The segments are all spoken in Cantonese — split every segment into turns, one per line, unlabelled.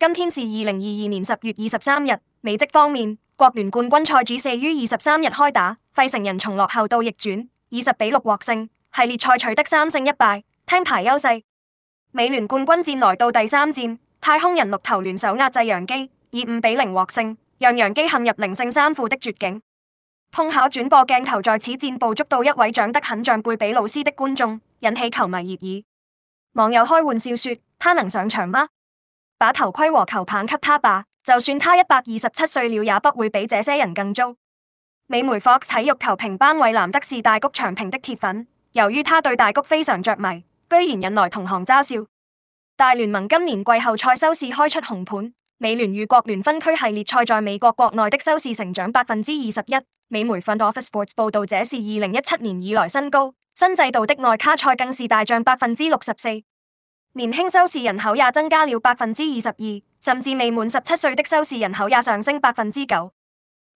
今天是二零二二年十月二十三日。美職方面，國聯冠軍賽主射於二十三日開打，費城人從落後到逆轉，以十比六獲勝，系列賽取得三勝一敗，聽牌優勢。美聯冠軍戰來到第三戰，太空人六投聯手壓制洋基，以五比零獲勝，讓洋基陷入零勝三負的絕境。碰巧轉播鏡頭在此戰捕捉到一位長得很像貝比魯斯的觀眾，引起球迷熱議。網友開玩笑說：他能上場嗎？把頭盔和球棒給他吧，就算他一百二十七歲了，也不會比這些人更糟。美媒 Fox 體育球評班偉蘭德是大谷翔平的鐵粉，由於他對大谷非常着迷，居然引來同行嘲笑。大聯盟今年季後賽收視開出紅盤，美聯與國聯分區系列賽在美國國內的收視成長百分之二十一，美媒 Front Office Sports 報道這是二零一七年以來新高，新制度的外卡賽更是大漲百分之六十四。年輕收視人口也增加了百分之二十二，甚至未滿十七歲的收視人口也上升百分之九。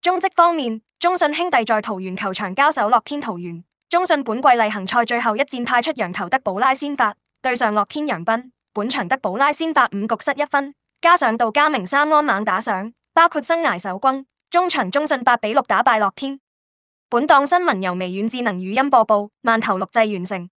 中職方面，中信兄弟在桃園球場交手樂天桃園。中信本季例行賽最後一戰派出洋投德保拉先發，對上樂天楊斌，本場德保拉先發五局失一分，加上杜家明、三安猛打賞，包括生涯首轟，終場中信八比六打敗樂天。本檔新聞由微軟智能語音播報，慢頭錄製完成。